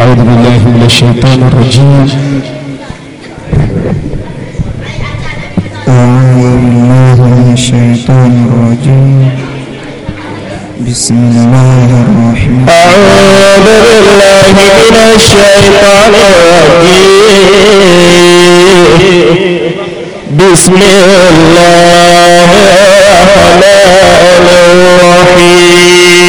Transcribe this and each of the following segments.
أعوذ بالله من الشيطان الرجيم أعوذ بالله من الشيطان الرجيم بسم الله الرحمن أعوذ بالله من الشيطان الرجيم بسم الله الرحمن الرحيم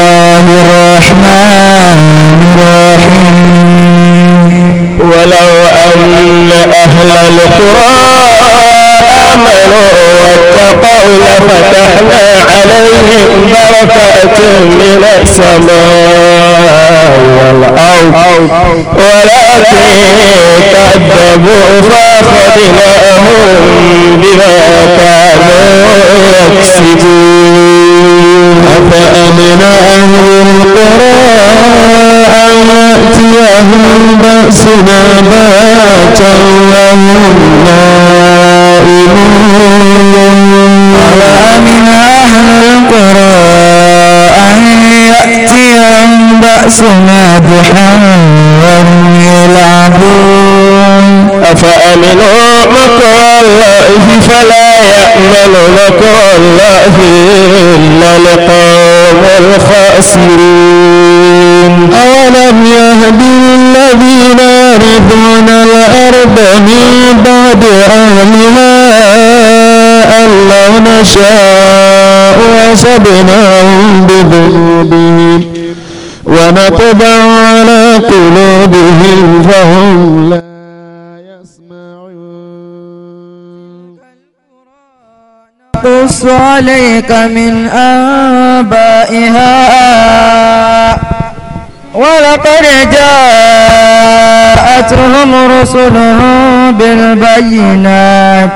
فأخذناهم بما كانوا يكسبون أفأمن أهل القرى أن يأتيهم بأسنا باتا وهم نائمون أفأمن أهل القرى أن يأتيهم بأسنا ضحى وهم يلعبون آمنوا مكر الله فلا يأمن مكر الله إلا لقوم الخاسرين أولم يهد الذين يرثون الأرض من بعد أهلها أن لو نشاء أصبناهم بذنوبهم ونطبع على قلوبهم فهم نقص عليك من أنبائها ولقد جاءتهم رسلهم بالبينات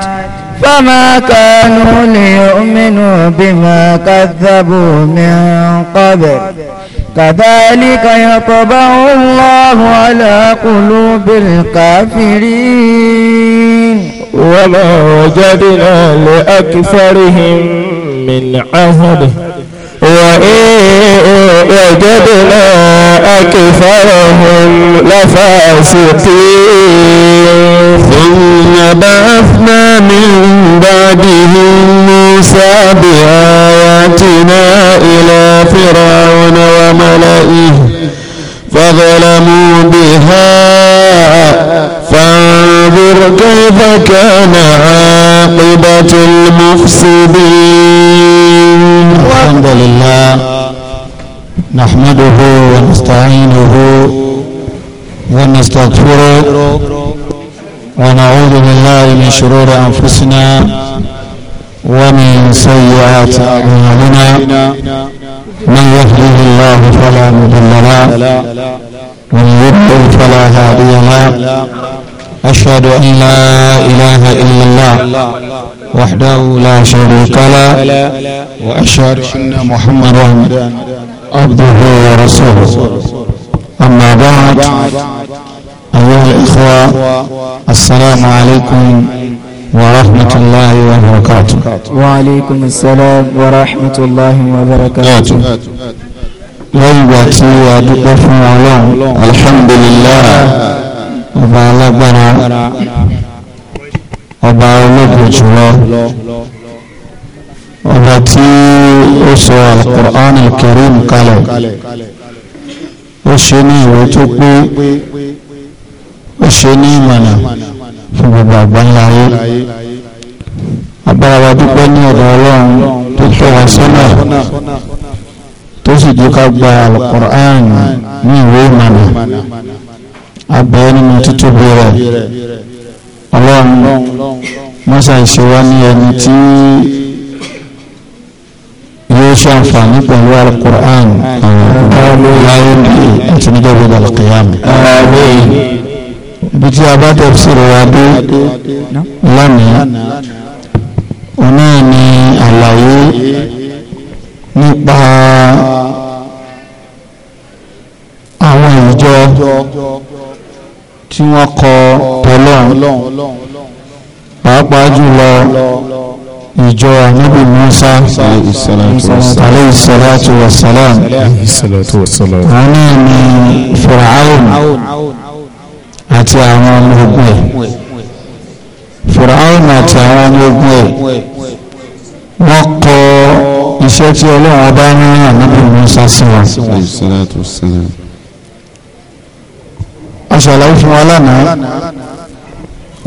فما كانوا ليؤمنوا بما كذبوا من قبل كذلك يطبع الله على قلوب الكافرين وما وجدنا لأكثرهم من عهد وإن وجدنا أكثرهم لفاسقين ثم بعثنا من بعدهم موسى بآياتنا إلى فرعون وملئه فظلموا فانظر كيف كان عاقبة المفسدين الحمد لله نحمده ونستعينه ونستغفره ونعوذ بالله من شرور أنفسنا ومن سيئات أعمالنا من يهده الله فلا مضل له ومن يضلل فلا هادي له أشهد أن لا إله إلا الله وحده لا شريك له وأشهد أن محمدا عبده ورسوله أما بعد أيها الإخوة السلام عليكم ورحمة الله وبركاته وعليكم السلام ورحمة الله وبركاته ليبتي ودقف الله الحمد لله ọba alágbára ọba ológun jùlọ ọba tí ó sọ al-Qur'an al-Karim kalẹ̀ ó ṣe ní ìwé tó pé ó ṣe ní ìmọ̀nà fún gbogbo àgbáńlá ayé dúpẹ́ ní ọ̀dọ̀ ọlọ́run tó tọ́ wa sọ́nà tó sì jẹ́ ká gba al-Qur'an ní ìwé ìmọ̀nà abẹ́ nínú títóbi rẹ̀ ọlọ́run mọ́sá ìṣèwá ní ẹni tí yóò ṣe àǹfààní pẹ̀lú alukur'an láyé ní àti níjọ́ ìgbà alkiyami bí tí a bá tẹ̀ sí ìrora dé lánàá ọ̀nà ni àlàyé nípa àwọn ìjọ tí wọ́n kọ tọ́lọ́n pàápàá jùlọ ìjọ ànábì Musa alayhi salatu wa salam wọn náà ni Fir'aun àti àwọn ọmọ ogun ẹ̀ Fir'aun àti àwọn ọmọ ogun ẹ̀ wọ́n kọ iṣẹ́ tí Ọlọ́run bá rán ànábì Musa sí wọn aṣàlàyé fún wa lánàá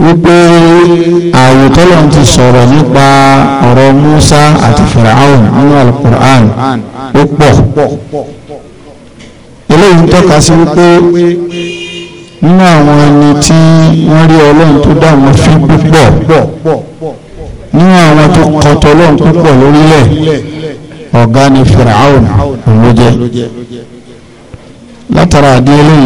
wípé ààyè tọ́lọ̀ ti sọ̀rọ̀ nípa ọ̀rọ̀ Musa àti Fir'aun nínú alukur'an ó pọ̀ eléyìí ń tọ́ka sí wípé nínú àwọn ẹni tí wọ́n rí ọlọ́run tó dá wọn fi púpọ̀ nínú àwọn tó kọtọ ọlọ́run púpọ̀ lórílẹ̀ ọ̀gá ni Fir'aun ló jẹ́ látara àdéhùn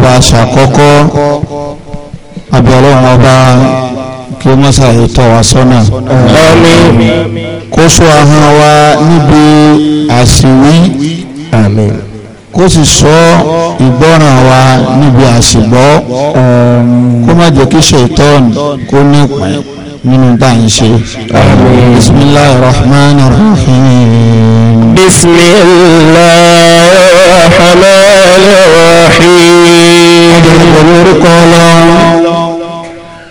ọba ṣàkọ́kọ́ àbí ọlọ́run ọba kí ó mọ́sà ètò wa sọ́nà kó sọ ahọ́n wa níbi àṣìwí kó sì sọ ìgbọ́ràn wa níbi àṣìgbọ́ kó má jẹ́ kí ṣètọ́n kó ní ìpín nínú tá ṣe bismillahir rahmanir rahim. بسم الله الرحمن الرحيم أدعو الله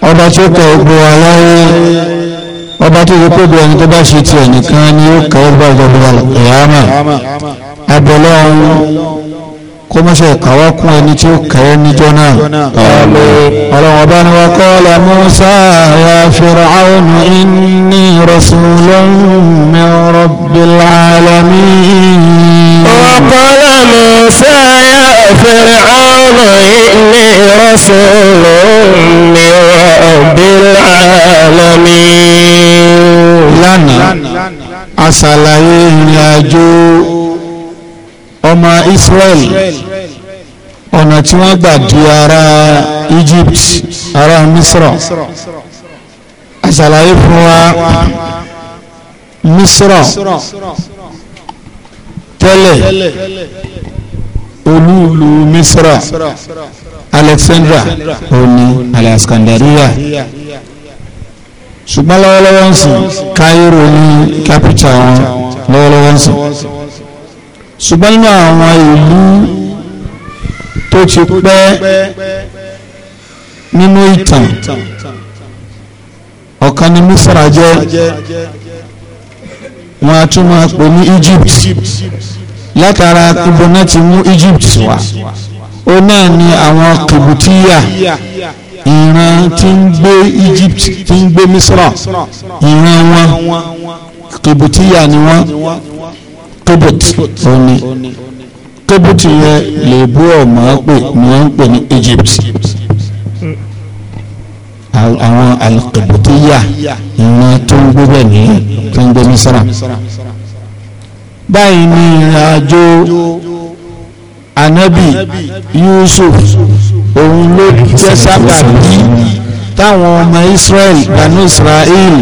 ọba tí ó kọ gbogbo wa láyé ọba tó yẹ kóbi ẹni tó bá ṣe tiẹ̀ nìkan ni ó kọ́ ọba ìjọba ìyáàmà abẹ́lẹ́ ọ̀hún kó má ṣe kàwọ́ kún ẹni tí ó kẹ́ níjọ́ náà ọlọ́wọ́ bá ní wa qala Musa ya Fir'aun inni rasulun min rabbil alamin wa Musa ya Fir'aun inni rasulun min rabbil alamin lánàá a ìrìn àjò ọmọ Israel ọ̀nà tí wọ́n gbà di ara Egypt ara Misra àṣàlàyé fún wa Misra tẹ́lẹ̀ olúùlú Misra Alexandra òní Alexandria ṣùgbọ́n lọ́wọ́lọ́wọ́ ń sìn Cairo ní capital wọn lọ́wọ́lọ́wọ́ ń sìn ṣùgbọ́n nínú àwọn ìlú tó ti pẹ́ nínú ìtàn ọ̀kan ni Misra jẹ́ wọn a tún máa pè ní Egypt látara kúbọnà ti mú Egypt wá ó náà ni àwọn kìbùtíyà ìran tí ń gbé Egypt tí ń gbé Misra ìran wọn kìbùtíyà ni wọn kébùt òní kébùt yẹn lèbú ọmọ pè ni wọ́n ń pè ní Egypt àwọn alkebutiya ìyẹn tó ń gbé bẹ́ẹ̀ nìyẹn tó ń gbé Mísírà báyìí ni ìrìnàjò anabi Yusuf òun ló jẹ́ sábàbí táwọn ọmọ Israel banu Israel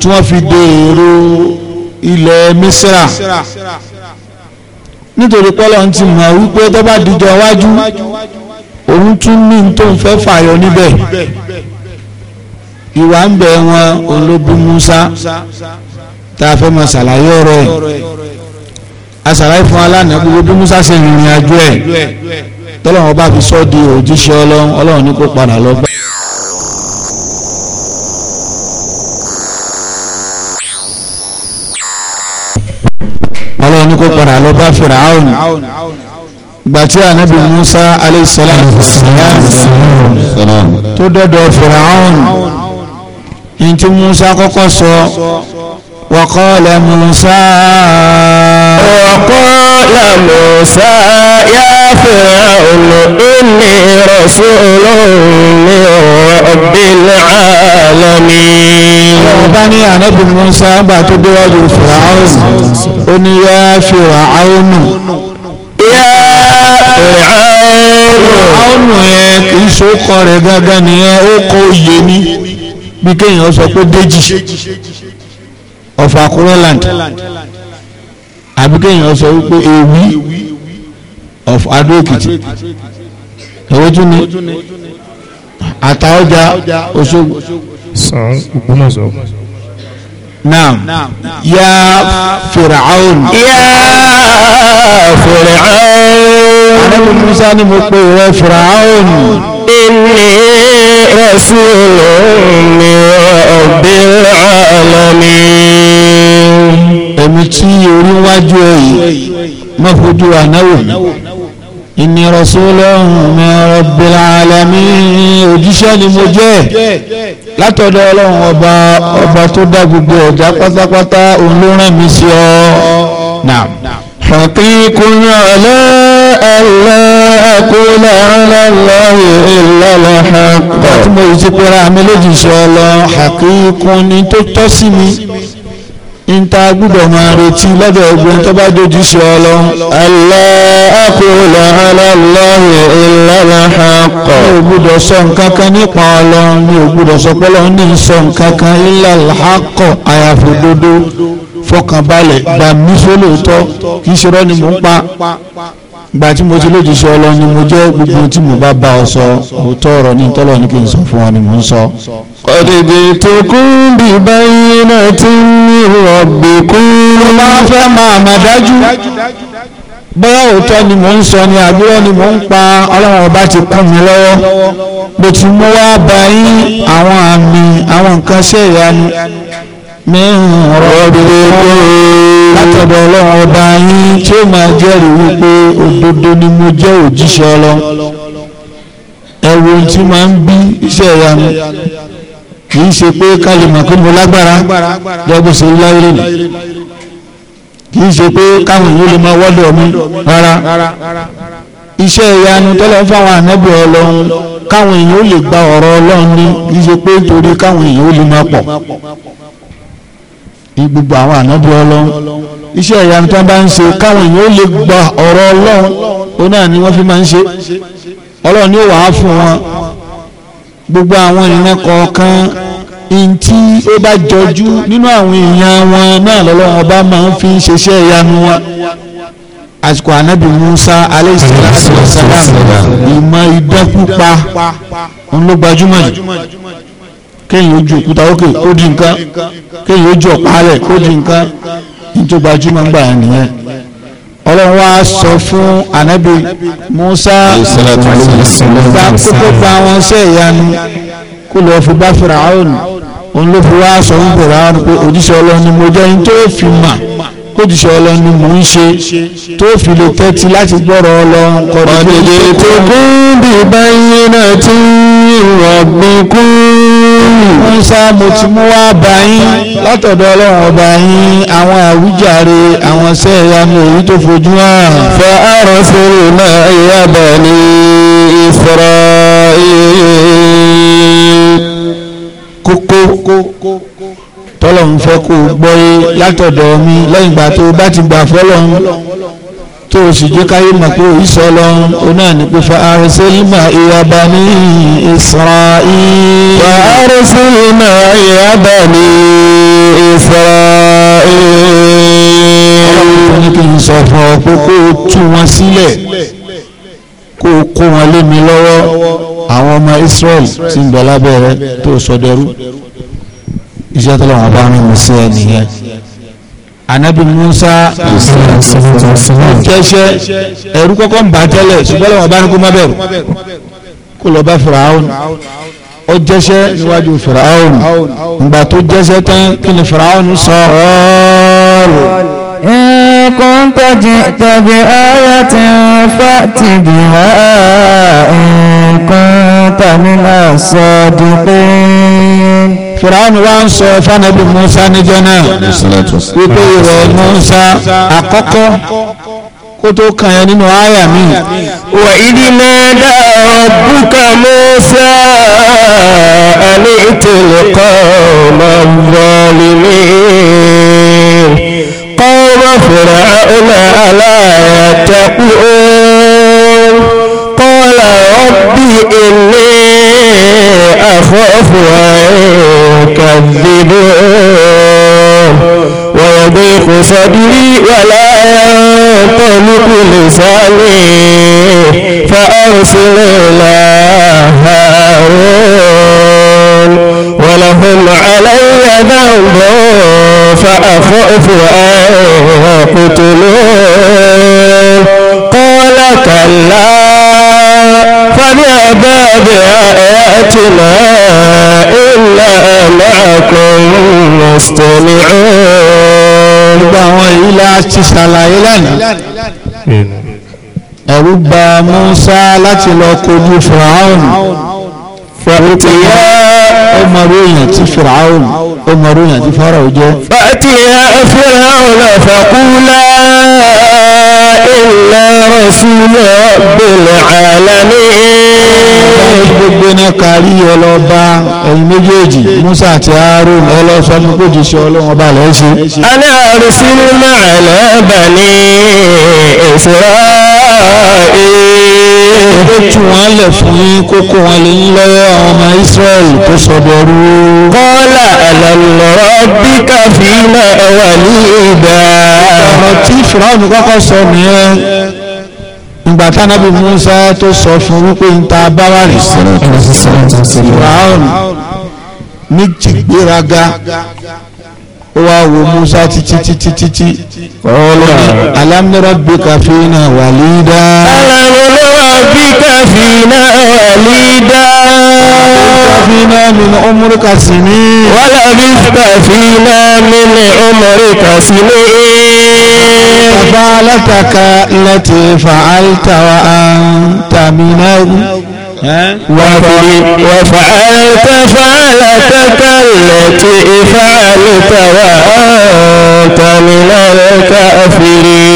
tí wọ́n fi dé èrò ilẹ̀ Misra nítorí pọ́lọ́ ti mọ̀ wípé tó bá dijọ́ wájú òun tún ní tó ń fẹ́ fàyọ níbẹ̀ ìwà ń bẹ wọn olóbi Musa tá a fẹ́ mọ ṣàlàyé ọ̀rọ̀ ẹ̀ a ṣàlàyé fún alánà gbogbo bí Musa ṣe rìnrìn àjò ẹ̀ tọ́lọ́wọ́n bá fi sọ́ di òjíṣẹ́ ọlọ́run ọlọ́run ní kó padà lọ ní kó padà lọ bá Fìràáùn gbàtí ànábì Musa alayhi salam tó dọ́dọ̀ Fìràáùn ní tí Musa kọ́kọ́ sọ wa qala Musa. وقال موسى يا فرعون إني رسول من رب العالمين ọba ní ànábì Mùsá gbà tó déwájú fìràún ó ní yá fìràún yá fìràún yẹn kì í ṣe ó kọ rẹ̀ gángan nìyẹn of Akurland àbí kéèyàn wípé ewì of Adó Èkìtì èwo tún ni àtàwọjà Òṣogbo. sàn Ògbómọ̀ṣọ́. نعم. نعم. نعم يا فرعون يا فرعون أنا موسى نمقر فرعون إني رسول من رب العالمين ẹ̀mí tí orí wájú ẹ̀ yìí má fojú ànáwò mi ìní rọ̀sọ́lọ́hùn mi rabbil alamin òjíṣẹ́ ni mo jẹ́ látọ̀dọ̀ ọlọ́run ọba ọba tó dá gbogbo ẹ̀dá pátápátá òun ló rán mi sí ọ náà. حقيقٌ على ألا أقول على الله إلا الحق. bá ti mọ̀ ìsìnkú ra mi lójijì ọlọ́ ni tó tọ́ sí mi níta gbúdọ̀ máa retí lọ́dọ̀ ogun tó bá dojú sí ọ lọ. aláàkúlẹ̀ aláàlọ́yẹ̀ ìlàlàhàkọ̀. mi ò gbúdọ̀ sọ nǹkan kan nípa Ọlọ́run mi ò gbúdọ̀ sọ pé Ọlọ́run ní sọ nǹkan kan ìlàlàhàkọ̀ àyàfi òdodo fọkànbalẹ̀ gbàmísọ́lòótọ́ kì í ṣe rọ́ ni mò ń pa gba tí mo ti lójúṣe ọlọ́run ni mo jẹ́ gbogbo tí mo bá bá ọ sọ òótọ́ ọ̀rọ̀ ní tọ́lọ̀ ní kí n sọ fún ọ ni mò ń sọ. ọ̀dẹ̀dẹ̀ tó kún bí báyìí náà ti ń ní ọ̀gbì kún. mo máa fẹ́ máa mà dájú bóyá òótọ́ ni mò ń sọ ni àbúrò ni mò ń pa ọlọ́run ọba ti kún mi lọ́wọ́ mo ti mú wá bá àwọn àmì àwọn nǹkan ṣe ìyanu min rabbikum látọ̀dọ̀ ọlọ́run ọba yín tí ó máa jẹ́rìí wípé òdodo ni mo jẹ́ òjíṣẹ́ ọlọ́run ẹ̀wò tí máa ń bí iṣẹ́ ìyanu kì í ṣe pé kálímà kó mo lágbára lọ́gbọ̀n sí láyé nì kì í ṣe pé káwọn ìlú lè máa wọ́dọ̀ mi rárá iṣẹ́ ìyanu tọ́lọ́ fáwọn ànábì ọlọ́run káwọn èèyàn ó lè gba ọ̀rọ̀ ọlọ́run ní kì í ṣe pé torí káwọn èèyàn ó lè máa pọ̀ gbogbo àwọn ànábì ọlọ́run iṣẹ́ ìyanu tó bá ń ṣe káwọn èèyàn ó lè gba ọ̀rọ̀ ọlọ́run ó náà ni wọ́n fi máa ń ṣe ọlọ́run ni ó wàá fún wọn gbogbo àwọn ìran kọ̀ọ̀kan ntí ó bá jọjú nínú àwọn èèyàn wọn náà lọ́lọ́run ọba máa ń fi ń ìyanu wọn àsìkò ànábì Musa aleyhisselam ìmọ̀ idán pípa ń ló gbajúmọ̀ jù kéyìn ojú òkúta ókè ó di nǹkan kéyìn ojú ọ̀pá rẹ̀ ó di nǹkan nítorí gbajúmọ̀ ń gbà yẹn nìyẹn ọlọ́run wá sọ fún ànábì Musa gba kókó pa wọn sí ìyanu kó lọ́ọ́ fi bá Firaun òun ló fi wá sọ fún Firaun pé òjíṣẹ́ ọlọ́run ni mo jẹ́ ní tó fi mà kódìṣẹ́ ọlọ́run ni mò ń ṣe tó fi lè tẹ́tí láti gbọ́rọ̀ ọlọ́run kọ́dọ̀ tó kún bí báyìí náà ti rọ̀gbìn kún. Hmm. wọ́n sá mo ti mú wá bá yín látọ̀dọ̀ ọlọ́run ọba yín àwọn àwíjàre àwọn iṣẹ́ ìyanu èyí tó fojú hàn. fa arọ́sọ̀rọ̀ náà ìyá bẹ̀ ní ìfọ̀rọ̀ kókó tọ́lọ̀ ń fẹ́ kó gbọ́ yé látọ̀dọ̀ mi lẹ́yìn ìgbà tó bá ti gbà fọ́lọ́run tó o sì jẹ́ káyé mọ̀ pé òyìí sọ lọ onáà ní pé fa arsalna ìyá bani Isra'il. fa arsalna ìyá bani Isra'il. ọlọ́run ní kí n sọ fún ọ pé kó o tú wọn sílẹ̀ kó o kó wọn lé mi lọ́wọ́ àwọn ọmọ Israel ti ń bẹ lábẹ́ rẹ tó o sọ dẹrú iṣẹ́ tó lọ́wọ́ bá rìn mí sí ẹ nìyẹn anabi musa kẹsẹ ẹrú kọ́kọ́ ń bà tẹ́lẹ̀ ṣùgbọ́n lọ́wọ́ bá ní kó má bẹ̀rù kó lọ bá firaun ó jẹ́sẹ́ níwájú firaun ìgbà tó jẹ́sẹ́ tán kí ni firaun sọ. إن كنت جئت بآية فأت بها إن كنت من الصادقين fìràwọn wa ń sọ fanabi musa níjọ náà wípé ìwọ musa àkọ́kọ́ kó tó kàn yẹn nínú àyà mi. wà ìdí náà dá rabbuka musa àní ìtòlẹ̀ kọ́ ọmọ bọ́ọ̀lì mi. قوم فرعون ألا يتقون قال ربي إني أخاف ويكذبون ويضيق صدري ولا ينطلق لساني فأرسل إلى هارون ولهم علي ذنب فأخاف أن يقتلون قال كلا فبعذاب آياتنا إلا معكم مستمعون àwọn ilé àti ṣàlàyé lánàá ẹ̀rù bà Musa láti lọ kojú Firaun fàtíyà ọmọròyìn tí Firaun ọmọròyìn tí Fáráò jẹ́ fàtíyà Firaun fàkúlá إلا رسول رب العالمين gbogbo ní kárí ọlọ́ba ẹ̀yìn méjèèjì Musa àti Harun ọlọ́sọ ní kò أنا أرسل معنا بني إسرائيل ó tú wọn lẹ̀ fún yín kókó wọn lè ń lọ́wọ́ àwọn ọmọ Israẹli tó sọdọ̀rú. kọ́lá àlàlọ́rọ́ bí káfíńlá wà ní ìgbà. ọ̀rọ̀ tí fìràwọ̀n kọ́kọ́ sọ nìyẹn ìgbà tánábì Musa tó sọ fún wípé ń ta báwárì fìràwọ̀n ní jìgbéraga ó wá wo musa títí títí títí ọlọ́ alam nurabbika fina walida. alam nurabbika fina walida. fina min umrika sinin. wala bista fina min umrika sinin. fa'alataka lati fa'alta wa anta minal. وفعلت فعلتك التي فعلت وأنت من الكافرين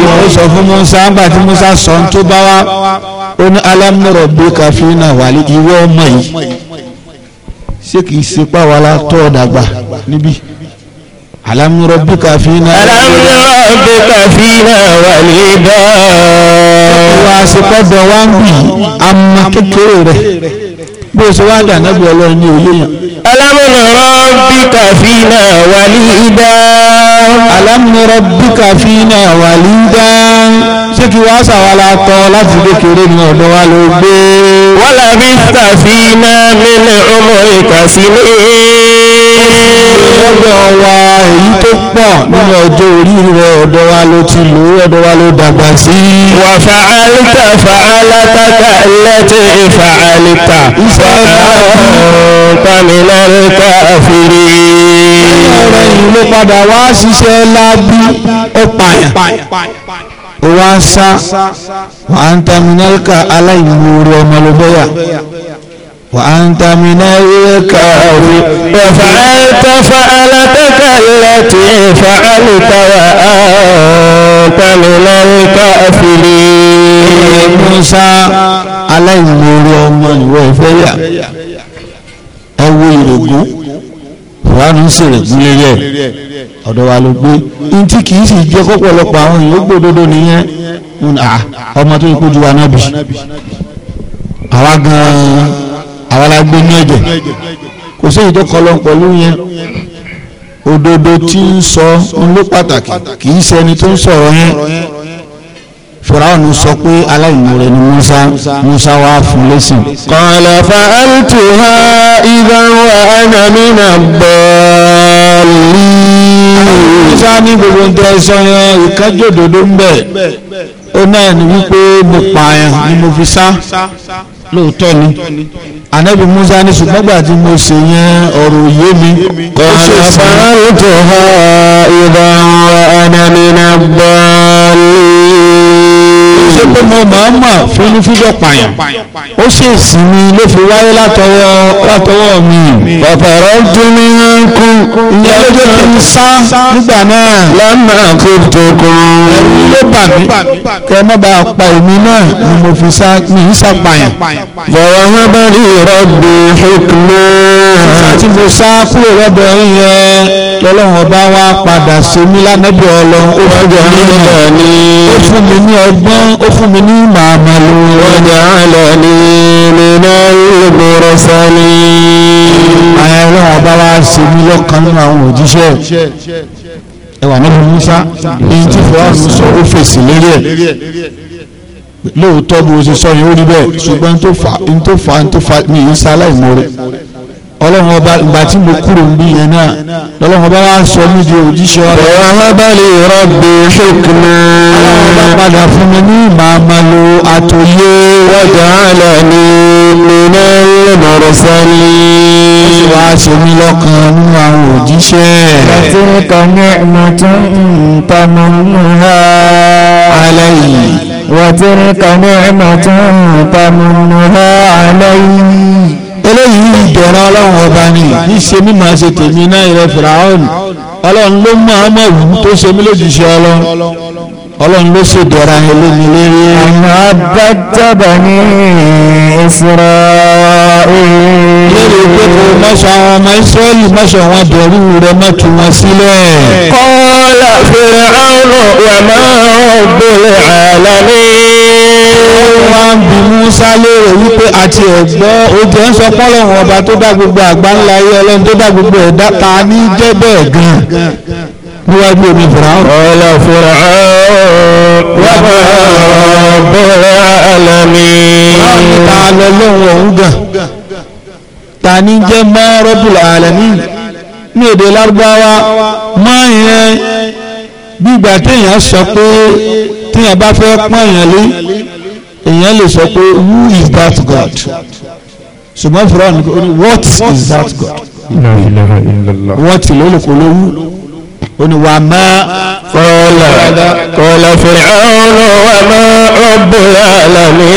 àwọn sọ fún Musa ńgbà tí Musa sọ ń tó bá wa ó ní alámúrò bí káfíńà wà ní ìwé ọmọ yìí ṣé kìí ṣe pàwọ́ la tọ́ ọ̀dàgbà níbí alam rabbika fina alam rabbika fina walida wa sepọdọ wa ń bì ama kékeré rẹ bó o ṣe wá dà nábì Ọlọ́run ní òye yàn. alam rabbika fina walida alam rabbika fina walida ṣé kí wàá ṣàwàlà tọ láti kékeré ní ọ̀dọ̀ wa ló gbé. wàlàbí tàfínà min umrika sinin lọ́dọ̀ wa èyí tó pọ̀ nínú ọjọ́ orí rẹ ọ̀dọ̀ wa ló ti lò ó ọ̀dọ̀ wa ló dàgbà sí. wà fàálítà fàálátà kàlẹ́tì fàálítà fàálátà mìíràn káfírí. ọ̀rọ̀ yìí ló padà wá ṣiṣẹ́ lábí ọ̀pààyàn ó wá sá wà á ń taminálkà aláìmoore ọmọlúbọ́yà. وأنت من الكافر وفعلت فعلتك التي فعلت وأنت من الكافرين موسى عليه اليوم وفيا أول رجوع wọ́n sì rẹ̀ gúnlẹ̀ rẹ̀ ọ̀dọ̀ wa ló gbé ní tí kìí sì jẹ́ kọ́pọ̀lọpọ̀ àwọn èèyàn gbòdodo nìyẹn ọmọ tó ikú ju wa náà bì àwa gan-an àwọn alágbé ní ẹ̀jẹ̀ kò sí èyí tó kọlọ pẹ̀lú yẹn òdodo tí ń sọ ń ló pàtàkì kì í ṣẹni tó ń sọ̀rọ̀ yẹn fìràwọn sọ pé aláìmoore ni musa musa wá fún lẹ́sìn. qala fa'altuha idhan wa ana mina ad-dallin. musa ní gbogbo ń tẹ sọ yẹn ìkájọ òdodo ń bẹ ó náà ní wípé mo pààyàn ni mo fi sá lóòótọ́ ni anabi musa ní ṣùgbọ́n gbà tí mo ṣe yẹn ọ̀rọ̀ yé mi. kọ́ńtà fàárùtò ha ìdánwò ẹ̀nàmínà bọ́ọ̀lì ọmọ màmá fínífíjọ pààyàn ó ṣèèsì mi ló fi wáyé látọwọ́ látọwọ́ mi. bàbá rẹ dúró kú ìyá lójó tó ń sá nígbà náà. lọ́nà kò tó kàn. ẹ̀rù ló bà mí kẹ́ ẹ má bàa pa èmi náà ni mo fi sá mi ń sá pààyàn. bọ̀wọ̀ wọn bá rí ìrọ̀bì ìhókùnmọ́. sísá tí mo sá kúrò lọ́dọ̀ yẹn lọ́lọ́run ọba wa padà ṣe mí lánàbí ọlọ́run ó fún mi ní ọ̀ní ó fún mi ní ọgbọ́n ó fún mi ní màmá ló ń wọ́n ní àlọ́ ní nínú ìgbòrò sani. àyẹ̀wò ọba wa ṣe mí lọ́kàn nínú àwọn òjíṣẹ́ ẹwà nínú Musa èyí tí fúlàní sọ ó fèsì lérí ẹ̀ lóòótọ́ bí o ṣe sọ yìí ó rí bẹ́ẹ̀ ṣùgbọ́n n tó fa n tó fa n tó fa mi ì ń sá aláìmoore ọlọ́run ọba ìgbà tí mo kúrò ń bí yẹn náà lọ́lọ́run ọba wa sọ mí di òjíṣẹ́ ọ̀rọ̀. ọ̀rọ̀ abẹ́lẹ̀ rọ́bì ṣèkìlẹ̀. ọlọ́run ọba padà fún mi ní màmá lo àtòyé. wọ́jà àlẹ́ ni nínú lẹ́mọ̀rọ̀ sẹ́ni. ó sì wá ṣe mí lọ́kàn nínú àwọn òjíṣẹ́. àti kàmí ìmọ̀tún ìtàmùnúhà. alẹ́ yìí. wọ́n ti rí kàmí ìmọ̀tún alẹ́ yìí eléyìí ìdẹ̀ra ọlọ́run ọba ni níṣe mi máa ṣe tèmi náà ìrẹ fìràhọ́nù ọlọ́run ló máa mọ̀ wù tó ṣe mí lójijì ọlọ́run ọlọ́run ló ṣe dẹ̀ra yẹn lómi lérí. àmọ́ abájábà ní ìfura lórí pé kò mọ́ṣọ́ àwọn ọmọ ìsírẹ́lì mọ́ṣọ́ wọn dẹ̀rú rẹ mọ́tò wọn sílẹ̀. kọ́lá fìràhọ́nù wà máa ń gbòòrò àlàní wá ń bi Musa léèrè wípé àti ẹ̀gbọ́ oúnjẹ ń sọ pọ́lọ́run ọba tó dá gbogbo àgbáńlá ayé ọlọ́run tó dá gbogbo ẹ̀dá ta ní jẹ́ bẹ́ẹ̀ gan-an níwájú omi fìràwọ̀. ọ̀la fìràwọ̀ wàbà bẹ́ẹ̀ alami. ta lọ lóhùn ọ̀hún gan ta ní jẹ́ mọ́ rọ́bùlà ní èdè lárúbáwá mọ́ yẹn gbígbà téèyàn sọ pé téèyàn bá fẹ́ pọ́n yẹn lé èèyàn lè sọ pé who is that God ṣùgbọ́n fúra ní kò what is that God what ló lè kó lówó ó ní wà má. kọ́lá kọ́lá fìrìhàn wà má rabbul alamin.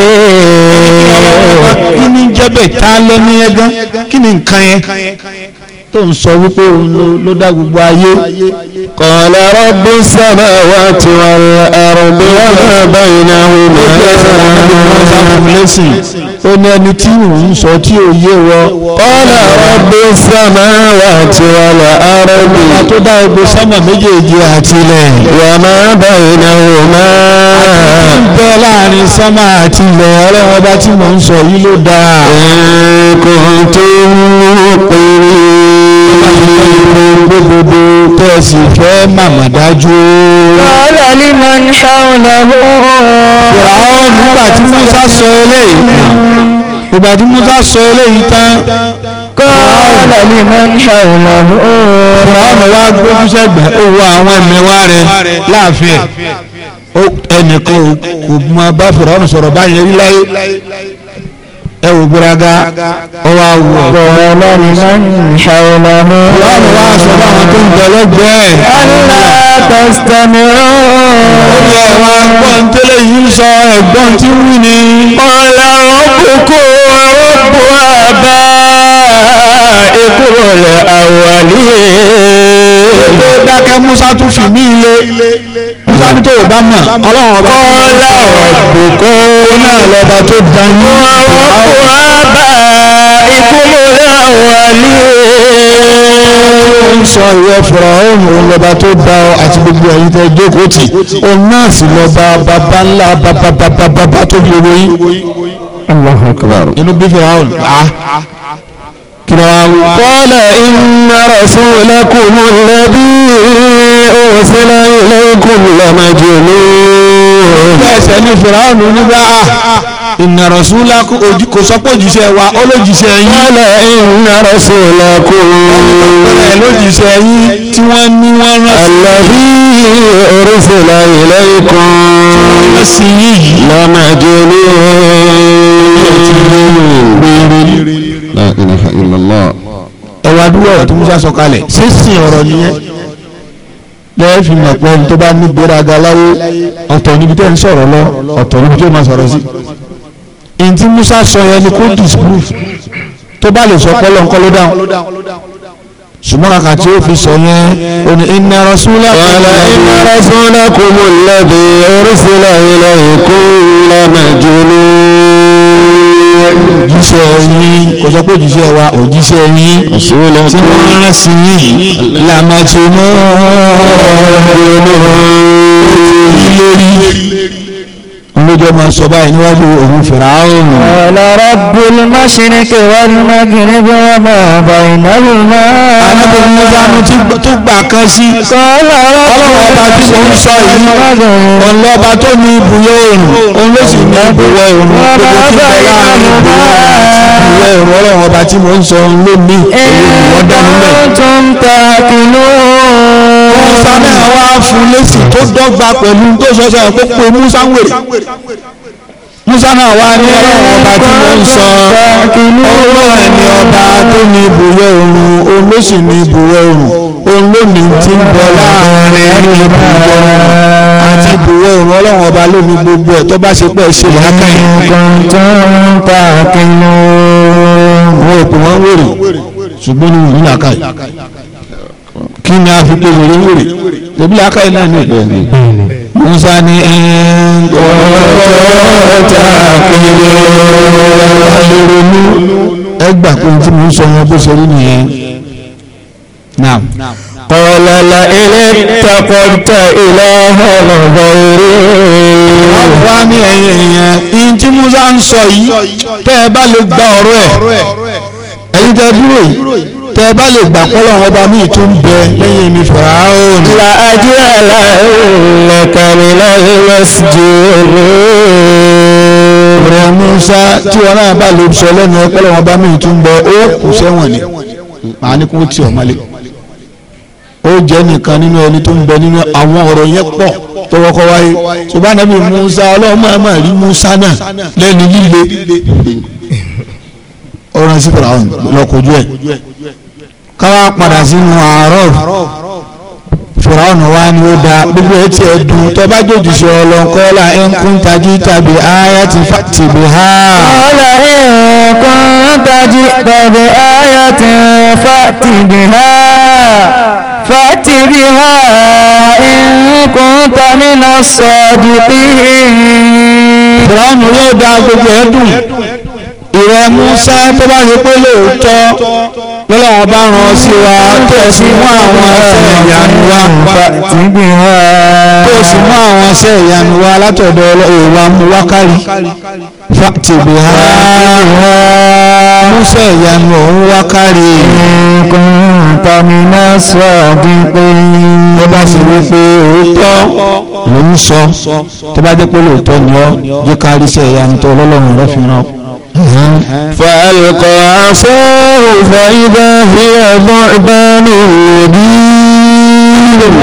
kí ni jẹ́bẹ̀ tá a lọ ní ẹgbẹ́ kí ni nǹkan yẹn tó ń sọ wípé òun ló dá gbogbo ayé. قال رب السماوات والأرض وما بينهما ó ní ẹni tí ò ń sọ tí ò yé wọ. qala rabbi samawati wal ardi. ọba tó dá gbogbo sámà méjèèjì àti ilẹ̀. wa ma bainahuma. àti bẹ́ẹ̀ láàrin sámà àti ilẹ̀ ọlọ́run ọba tí mò ń sọ yìí ló dáa. in kuntum pé. ẹ sì fẹ́ màmá dájú. ọ̀rọ̀ ni mo ń ṣàwùlọ̀ hó. fìràwọ̀ nígbà tí Musa sọ eléyìí nígbà tí Musa sọ eléyìí tán. kọ́ọ̀lọ̀ ni mo ń ṣàwùlọ̀ hó. fìràwọ̀ wa gbójú sẹ́gbẹ̀ẹ́ owó àwọn ẹ̀mẹ́wá rẹ̀ láàfin ẹ̀ ẹnìkan kò mọ bá fìràwọ̀ sọ̀rọ̀ báyẹn rí láyé ẹ wò gbéraga ọ wá wù ọ. ọ̀pọ̀ ọlọ́run máa ń ṣàwọ̀lá mú. ọlọ́run wá aṣọ báwọn tó ń bẹ lẹ́gbẹ̀ẹ́. ọ̀là tẹ̀sítẹ̀mì ó. ó yẹ wá gbọ́n tẹ́lẹ̀ yìí ń sọ ẹ̀gbọ́n tí ń wí ni. ọ̀là ọ̀bùkù ọ̀bù àbá ìkúrò rẹ̀ àwàlẹ́. ó dákẹ́ musa tún fi mí ilé. musa ní tó o bá mọ̀ ọlọ́run ọba òun náà lọ́ba tó dání. àwọn ọkọ̀ àbá ìkúmọ̀lá wà ní òun sọ ìwọ fúra òun lọ́ba tó dá ọ àti gbogbo ẹ̀yin tẹ́ jókòó tì òun náà sì lọ́ba bàbá ńlá bàbá bàbá bàbá tó bí owó yín. Allahu akbar. inú bí fẹ́ àwọn a kìlọ̀ àwọn. qala inna rasulakum alladhi ursila fìràwọ̀nù nígbà ah, inna rasulakum kò sọ́pọ̀ òjíṣẹ́ wa ó lójíṣẹ́ yín. wọ́n lẹ̀ inna rasulakum. ọ̀rẹ́ lójíṣẹ́ yín tí wọ́n ní wọ́n rán sí. alladhi ursila ilaykum. wọ́n sì yí. lamajnun. la ilaha illallah. ẹ̀wà dúró ọ̀rọ̀ tó Musa sọ kalẹ̀ sísìn ọ̀rọ̀ nìyẹn lẹ́yìn fi mọ̀ pé ẹni tó bá ní gbéraga láyé ọ̀tọ̀ níbi tẹ́ ń sọ̀rọ̀ lọ ọ̀tọ̀ níbi tó máa sọ̀rọ̀ sí. èyí tí Musa sọ yẹn ni kó disprove tó bá lè sọ pọ́lọ́ ńkọ́ ló dáhùn ṣùgbọ́n àkà tí ó fi sọ yẹn ó ní inna rasulakum inna rasulakumul ladhi ursila ilaykum la majnun òjíṣẹ́ yín kò sọ pé òjíṣẹ́ wa òjíṣẹ́ yín tí wọ́n rán sí yín làmàtúmọ́ ọ̀rọ̀ ọ̀rọ̀ máa sọ báyìí níwájú òun Fìràáhùn. Ala Rabbul Mashriqi wal Maghribi wa ma baynahuma. Ànábì Musa tó gbà kan sí. Ọlọ́run tí mo ń sọ yìí. Ọ̀nà tó ní ibùyọ̀ òrùn. Òun ló sì ní ibùwọ̀ òrùn. Gbogbo tí mo ń sọ ló ní. Èyí wọ́n dánú mẹ́. Ẹ̀rọ tó ń ta kìlú. Musa náà wá fún lésì tó dọ́gba pẹ̀lú tó ṣẹ̀ṣẹ̀ kó pe Musa ń wèrè Musa náà wá ní ọba tí wọ́n sọ ọlọ́run ni ọba tó ní ibùyẹ òun ló ní ibùyẹ òun ló ti ń bọ̀ láàrin ibùyẹ oòrùn àti ìbòwò ìrún ọlọ́run ọba lómi gbogbo ẹ̀ tó bá ṣe pẹ́ ṣe làákàyè. ìgbọ̀ntàn ta kinu. wọ́n ò wọ́n wèrè ṣùgbọ́n ní ìlú làákàyè kí ni a fi pé wèrè wèrè tẹ̀bí làákà yìí náà ní ìbẹ̀rẹ̀ ni. musa ni ọ̀ọ́ta kúrò ní ẹgbà pé tí mo ń sọ wọn bó ṣe rí nìyẹn. naam. qala la ittaqaita ilahan ghayri. àwa ni ẹ̀yìn ẹ̀yìn ẹ̀yìn tí musa ń sọ yìí tẹ́ ẹ bá lè gba ọ̀rọ̀ ẹ̀ ẹ̀yin tẹ́ dúró yìí tẹ bá lè gbà kọ́lọ̀ ọba mi tún bẹ lẹ́yìn mi fàáhùn. la ajé aláìlẹ̀ kàrí láyé lọ́sídìí olóòrùn. ọ̀rọ̀ musa tí wọn náà bá lè sọ lẹ́nu ẹ kọ́lọ̀ ọba mi tún bẹ ó kù sẹ́wọ̀n ni màá ní kó tí ọ̀ mọ́lẹ̀. ó jẹ́ nìkan nínú ẹni tó ń bẹ nínú àwọn ọ̀rọ̀ yẹn pọ̀ tọwọ́kọ́ wáyé ṣùgbọ́n musa ọlọ́mọ ẹ̀ máa rí musa náà lẹ́nu líle ọ̀rọ̀ sí fìràwọ̀n lọ́kọ̀ọ́jú ẹ̀ káwá padà sínú àárọ̀ fìràwọ̀nù wa ni ó da gbogbo ẹ̀ tiẹ̀ dùn tó bá jòjì sí ọlọ́nkọ́lá ẹ̀ńkún tají tàbí ayé tìbí ha. kọ́lá ẹ̀ńkún tají tàbí ayé ti fa tìbí ha fati biha in kunta mina sadiqin. fìràwọ̀nù yóò da gbogbo ẹ̀ dùn ìrẹ̀ musa tó bá ṣe pé lóòótọ́ lọ́lọ́wọ́n bá ràn ọ́ sí wa tó o sì mú àwọn ẹsẹ̀ ìyanu wa tó o sì mú àwọn ẹsẹ̀ ìyanu wa látọ̀dọ̀ ìwà mú wákàrí fàtìbí ha múṣẹ́ ìyanu òun wákàrí kọ́ńtàmínà sọ́ọ̀dín pé ó bá sì wí pé òótọ́ ló sọ tó bá jẹ́ pé lóòótọ́ ni ọ́ jẹ́ ká ríṣẹ́ ìyanu tó ọlọ́run rẹ̀ fi ràn فألقى عصاه فإذا هي ضعبان مبين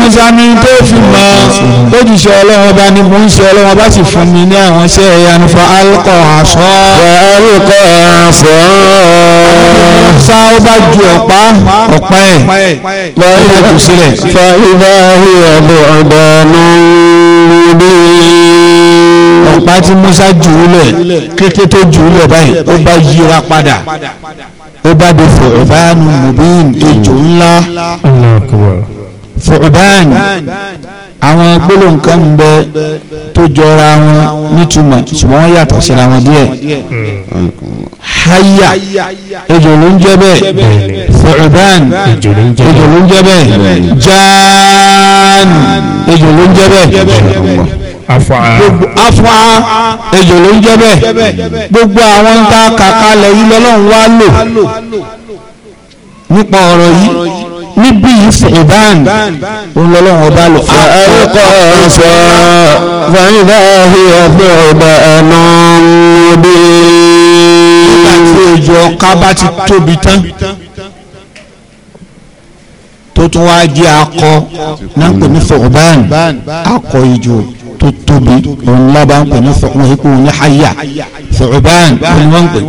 Musa ní tó fi mọ́ lójúṣe ọlọ́run bá ní mò ń ṣe ọlọ́run bá sì fún mi ní àwọn iṣẹ́ ìyanu fa alukọ àṣọ. fa àṣọ. Musa ó bá ju ọ̀pá ọ̀pá ẹ̀ lọ́ọ́ ìlú sílẹ̀. fa ìbáwí ọ̀bọ̀ ọ̀bọ̀ ọ̀nà ìbí ọ̀pá tí Musa jù ú lẹ̀ kété tó jù ú lẹ̀ báyìí ó bá yíra padà ó bá di fòrìbánu mubin ejò ńlá fòrìbánu àwọn gbólóǹkan ń bẹ tó jọra wọn nítumọ̀ ṣùgbọ́n wọ́n yàtọ̀ síra wọn díẹ̀ haya ejò ló ń jẹ́ bẹ́ẹ̀ fòrìbánu ejò ló ń jẹ́ bẹ́ẹ̀ jaanu ejò ló ń jẹ́ bẹ́ẹ̀ afa ẹjọ ló ń jẹ bẹ́ẹ̀ gbogbo àwọn ń ta kàkálẹ̀ yìí lọ́lọ́run wá lò nípa ọ̀rọ̀ yìí níbí yìí ṣèdán olólùwọ̀n ọba lò. àìkọ́ ọ̀sẹ̀ fàyídà ìyàfẹ́ ọba ẹ̀nà ọdẹ. nígbà tí ejò ọ̀ka bá ti tóbi tán tó tún wá jẹ́ akọ náà pè ní fọ̀ọ̀bán akọ ejò tó tóbi òun lábàá ń pè ní fọwọ́n ikú òun ní hayà fọ̀rọ̀bán òun wọ́n ń pè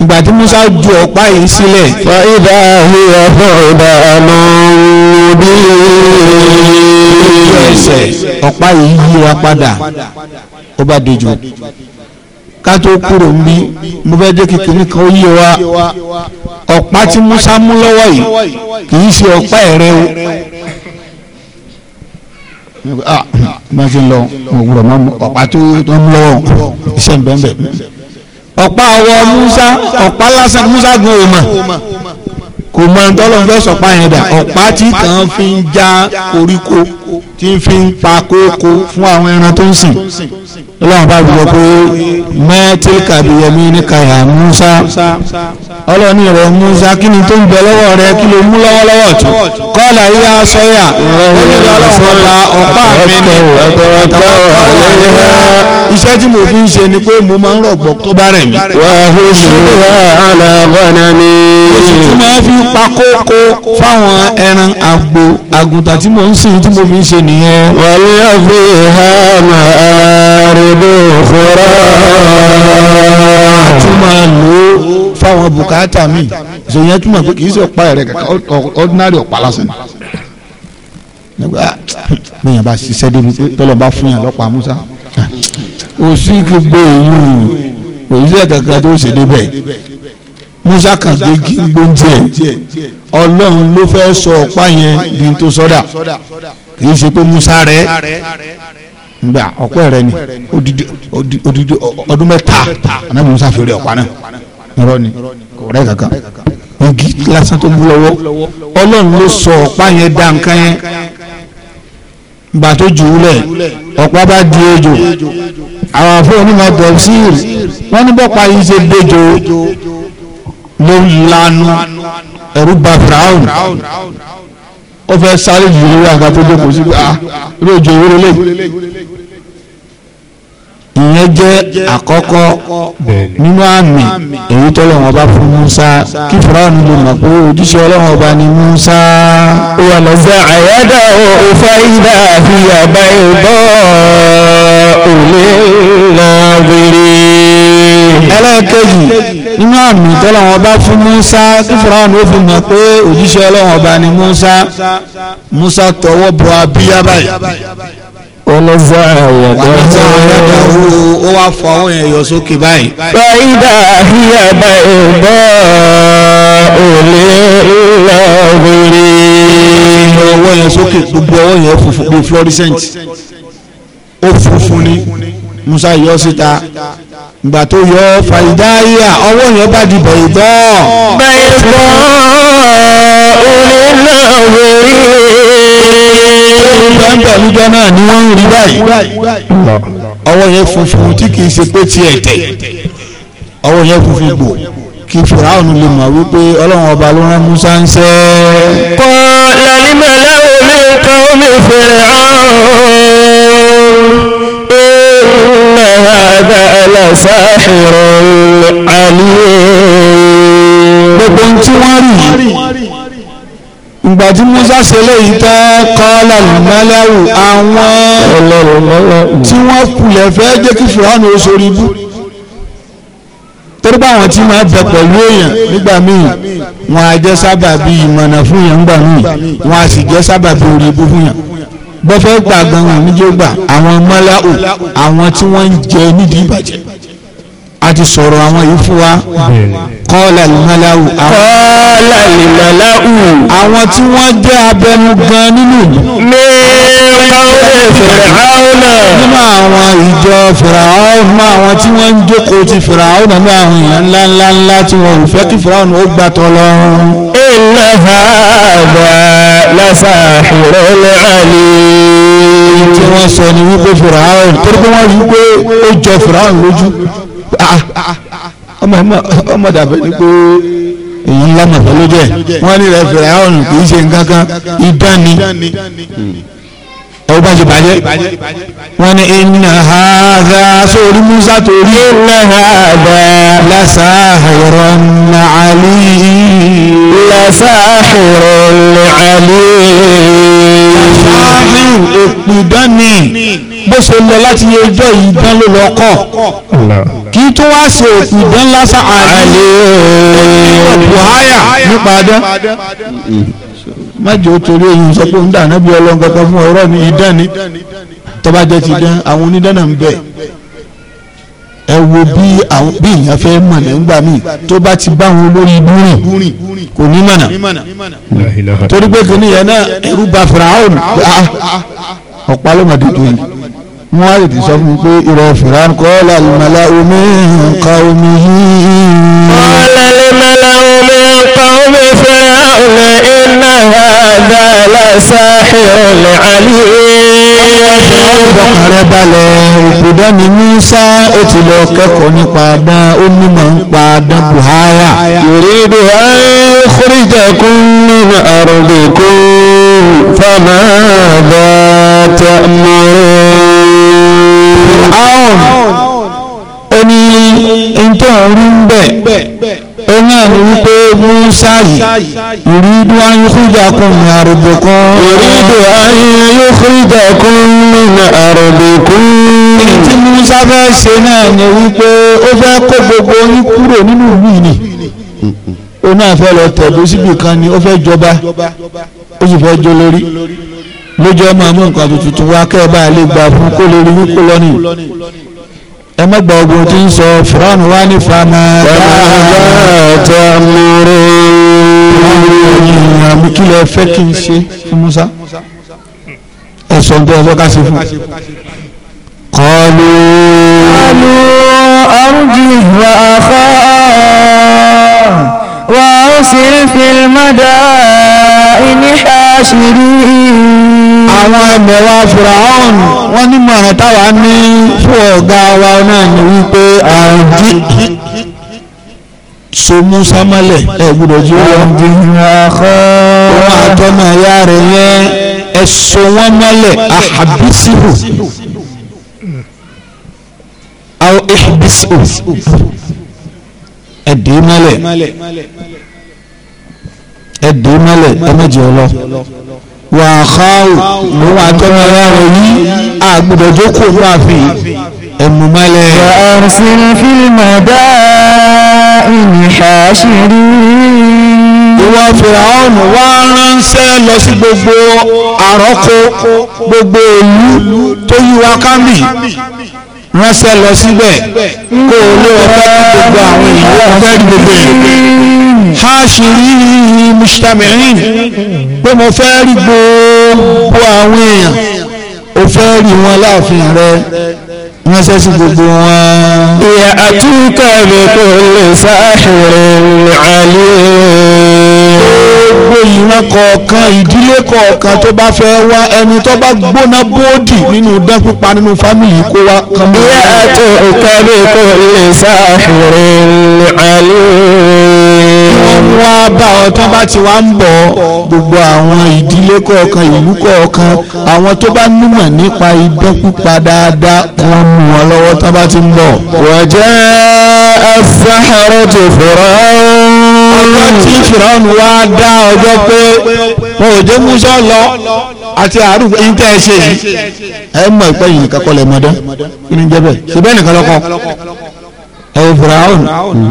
ìgbà tí Musa ju ọ̀pá yìí sílẹ̀. fa idha huwa fọ̀rọ̀bánú bí. ojú ẹsẹ̀ ọ̀pá yìí yíra padà ó bá dojú kátó kúrò ń bí mo fẹ́ dé kékeré kan ó yé wa ọ̀pá tí Musa mú lọ́wọ́ yìí kì í ṣe ọ̀pá ẹ̀rẹ́ o ah máa fi lọ òwúrọ̀ máa mú ọ̀pá tó ń lọ iṣẹ́ nbẹ́nbẹ́ ọ̀pá ọwọ́ Musa ọ̀pá lásán Musa gun òun kò mọ ntọ́lọ́n fẹ́ sọ̀pá yẹn dà ọ̀pá tí kàn fi ń já koríko tí ń fi ń pa kókó fún àwọn ẹran tó ń sìn ọlọ́run bá gbọ́ pé mẹ́tí kàbíyẹmí ní Musa ọlọ́run rẹ̀ Musa kí ni tó ń bẹ lọ́wọ́ rẹ kí ló mú lọ́wọ́lọ́wọ́ tó kọ́là yíyá sọ́yà olùdókòlá ọ̀pá mi ni iṣẹ́ tí mo fi ń ṣe ni pé mo máa ń rọ̀gbọ̀ tó bá rẹ̀ mí. wàhùn ṣùgbọ́n àlàbọ̀nà mi oṣù tí máa fi pa kókó fáwọn ẹran àgbo àgùntàn tí mo ń sìn tí mo fi ń ṣe nìyẹn. wàlú àfi hàmà àrèbó fúra. a tún máa lò ó fáwọn bùkátà mi ìṣòyẹn túmọ̀ pé kì í ṣe ọ̀pá ẹ̀rẹ̀ kàkà ordinary ọ̀pá lásán nígbà bẹ́ẹ̀ bá ṣiṣẹ́ débi pé tọ́lọ̀ bá fún yàn lọ́pàá musa òsì gbogbo èyí òsì ẹ̀kẹ́kẹ́ tó ṣe débẹ̀ musa kan gbégi gbóúnjẹ ọlọ́run ló fẹ́ sọ ọ̀pá yẹn bí n tó sọ́dà kì í ṣe pé musa rẹ̀ ngbà ọ̀pẹ́ rẹ̀ ni odidi ọdún mẹ́ta anábì musa fèrè ọ̀pá náà nírọ̀ ni kò rẹ̀ kankan igi lásán tó bú lọ́wọ́ ọlọ́run ló sọ ọ̀pá yẹn dá nǹkan yẹn gbà tó jù ú lẹ̀ ọ̀pá bá di ejò àwọn àfọwọ́nìmọ̀ tẹ̀síìrì wọ́n ní bọ́pá yìí ṣe gbẹjọ́ ló ń lanu ẹ̀rù bà firaun ó fẹ́ sáré jù lórí àga tó jókòó sí pé ah irú òjò ìwúrò lè ìyẹn jẹ́ àkọ́kọ́ nínú àmì èyí tọ́lọ́wọ́n ọba fún Musa kí fúráwọn lè mọ̀ pé ojúṣe ọlọ́wọ́n ọba ni Musa. wà lọ́sẹ̀ àyádà òfa ìdá àfi àbá ìbọ̀ òlé lọ́gbìnrin. ẹlẹ́kẹ̀jì nínú àmì tọ́lọ́wọ́n bá fún Musa kí Fáráò ó fi mọ̀ pé òjíṣẹ́ ọlọ́wọ́n ọba ni Musa Musa tọwọ́ bọ abíyá báyìí ọlọ́fà àyàdáwó ó wá fọ àwọn èèyàn sókè báyìí. fàyídà àhíyà báyìí bọ́ òní ńlá rere. ọwọ́ yẹn sókè gbogbo ọwọ́ yẹn funfun bíi fluorescent ó funfun ni Musa yọ síta ìgbà tó yọ fàyídáyà ọwọ́ yẹn bá di bẹ̀yìdọ́. bẹ̀yìdọ́ onílàwé. olùgbàǹdà olùjọ náà ni wọ́n ń rí báyìí ọwọ́ yẹn funfun tí kì í ṣe pé tiẹ̀ tẹ̀ ọwọ́ yẹn funfun gbò kí fìràwọ̀n lè mọ̀ wípé ọlọ́run ọba ló rán Musa ń sẹ́. kọ́ lálẹ́ mẹ́lẹ́ omi nǹkan omi fèrè hàn. هذا لساحر عليم gbogbo ń tí wọ́n rí ìgbà tí Musa ṣe léyìí tẹ́ kọ́lá lùmọ́lẹ́wù àwọn tí wọ́n kulẹ̀ fẹ́ jẹ́ kí fìrànù ó sórí bú torí báwọn tí máa bẹ pẹ̀lú èèyàn nígbà míì wọn á jẹ́ sábàbí ìmọ̀nà fún yẹn ńgbà míì wọn á sì jẹ́ sábàbí fún yẹn bọ́fẹ́ gbà gan-an níjẹ́ gbà àwọn mọ́láhù àwọn tí wọ́n ń jẹ nídìí ìbàjẹ́ a ti sọ̀rọ̀ àwọn yìí fún wa kọ́ọ̀lá ìmọ̀láhù. kọ́ọ̀lá ìmọ̀láhù. àwọn tí wọ́n jẹ́ abẹnú gan nínú ìlú. ní káwé fìràhánà. nínú àwọn ìjọ fìràhánà àwọn tí wọ́n ń jókòó ti fìràhánà ní àwọn èèyàn ńláńláńlá tí wọ́n ò fẹ́ kí fìràhánà ó gbàtọ́ lọ. ìlànà àbá. لساحر عليم tí wọ́n sọ ni wípé fìràhàn torí pé wọ́n wípé ó jọ fìràhàn lójú ah, ah, ah, ọmọ dàbẹ́ ni pé èyí ńlá màtọ́ ló jẹ́ wọ́n ní rẹ̀ fìràhàn kì í ṣe nǹkan kan idán ẹ̀wọ́ bá ṣe bàjẹ́ wọ́n ní iná àádá sórí musa tó rí iná àádá lásàáhìrọ̀ nàálì lásàáhìrọ̀ nàálì láàrin òpìdán ni bó ṣe lọ láti ẹjọ́ yìí dán ló lọ́kọ̀ kí tó wá ṣe òpìdán lásàáhìrọ̀ nàálì ọ̀pọ̀ háyà nípa dán májè ó torí èyí sọ pé ń dà nábì ọlọ́run kankan fún ọ̀rọ̀ ní idán ni tó bá jẹ́ ti dán àwọn onídán náà ń bẹ ẹ wo bí àwọn bí èèyàn fẹ́ mọ̀nà ńgbà míì tó bá ti bá wọn lórí búrìn kò ní mọ̀nà torí pé kò ní yẹn náà ẹ̀rù bà fìràhùn ah, ọ̀pá ló mà dìbò yìí wọ́n á lè ti sọ fún mi pé ìrọ̀ fìràn kọ́lá lèmọ́lá omi nǹkan omi yìí. kọ́lá lèmọ́lá omi nǹkan omi هذا لساحر عليم ọkàn rẹ balẹ̀ òkúdá ni Musa ó ti lọ kẹ́kọ̀ọ́ nípa adán ó mímọ̀ nípa adán buhaya. يريد أن يخرجكم من أرضكم فما sáàyì ìrìdù ayúkújàkùn ní àrùbùkún ìrìdù ayúkújàkùn ní àrùbùkún èyí tí Musa fẹ́ ṣe náà ni wípé ó fẹ́ kó gbogbo yín kúrò nínú ìlú yìí ó náà fẹ́ lọ tẹ̀dó síbi kan ni ó fẹ́ jọba ó sì fẹ́ jó lórí lójú ọmọ àmú nǹkan tuntun wá kẹ́ ẹ bá lè gbà fún kó lórí wípé lọ́nìí ẹ má gba ogun tí ń sọ fúrán wá ní fama tó múrò ìyàn mi kí lẹ fẹ́ kí n ṣe fún Musa ẹ̀sọ̀ ń bẹ ọjọ́ ká ṣe fún kọlu kọlu arúgbì wà fà wà ó sì ń fi mọ́dà ìníhà ṣìrí àwọn ẹmẹ̀wà fìràhàn wọ́n ní mọ̀ràn táwa ní fún ọ̀gá wa náà ní wípé àjí so musa mọ́lẹ̀ ẹ gbọ́dọ̀ jí ó wọ́n di wọn àtọ́nà ìyá rẹ̀ yẹn ẹ so mọ́lẹ̀ àhàbísìhù àwọn ìhàbísìhù ẹ mọ́lẹ̀ ẹ mọ́lẹ̀ ẹ ọlọ́ wà áháù òun àtọ́mọ̀lá rẹ̀ yí àgbùdọ̀ jókòó ní àfihàn ẹ̀mù mọ́lẹ̀. ọ̀sìn fílmù dá ìnìṣà ṣìrí. ìwọ fìràwọ̀n wá ránṣẹ́ lọ sí gbogbo àrọ́kọ gbogbo ìlú tó yíwa kámi ránṣẹ́ lọ síbẹ̀ kó o lé ọ̀fẹ́ gbogbo àwọn èèyàn ọ̀fẹ́ gbogbo èèyàn ha ṣe rí pé mo fẹ́ rí gbogbo àwọn èèyàn ó fẹ́ rí wọn láàfin rẹ wọ́n ṣe sí gbogbo wọn. ìyá àtúntà mi kò lè sáàṣìrìn àlè. gbogbo ìran kọ̀ọ̀kan ìdílé kọ̀ọ̀kan tó bá fẹ́ wá ẹni tó bá gbóná bóódì nínú dán pípa nínú fámìlì kó wá kan ìyá àtúntà mi kò lè sáàṣìrìn àlè. wọ́n wá bá ọ tán bá ti wá ń bọ̀ gbogbo àwọn ìdílé kọ̀ọ̀kan ìlú kọ̀ọ̀kan àwọn tó bá nímọ̀ mọ̀ nípa idán pípa dáadáa wọ́n mú wọn lọ́wọ́ tó bá ti ń bọ̀. wọ́jẹ́ as-saharatu Fir'aun. ọjọ́ tí Fir'aun wá dá ọjọ́ pé wọn ò jẹ́ Musa lọ àti àárù ìtẹ́ ẹ yìí ẹ mọ̀ ìpẹ́ yìí kakọ́ lẹ̀ mọ́dá kí ni jẹ́ bẹ́ẹ̀ ṣe bẹ́ẹ̀ nìkan lọ́kọ́ ẹ̀ Fir'aun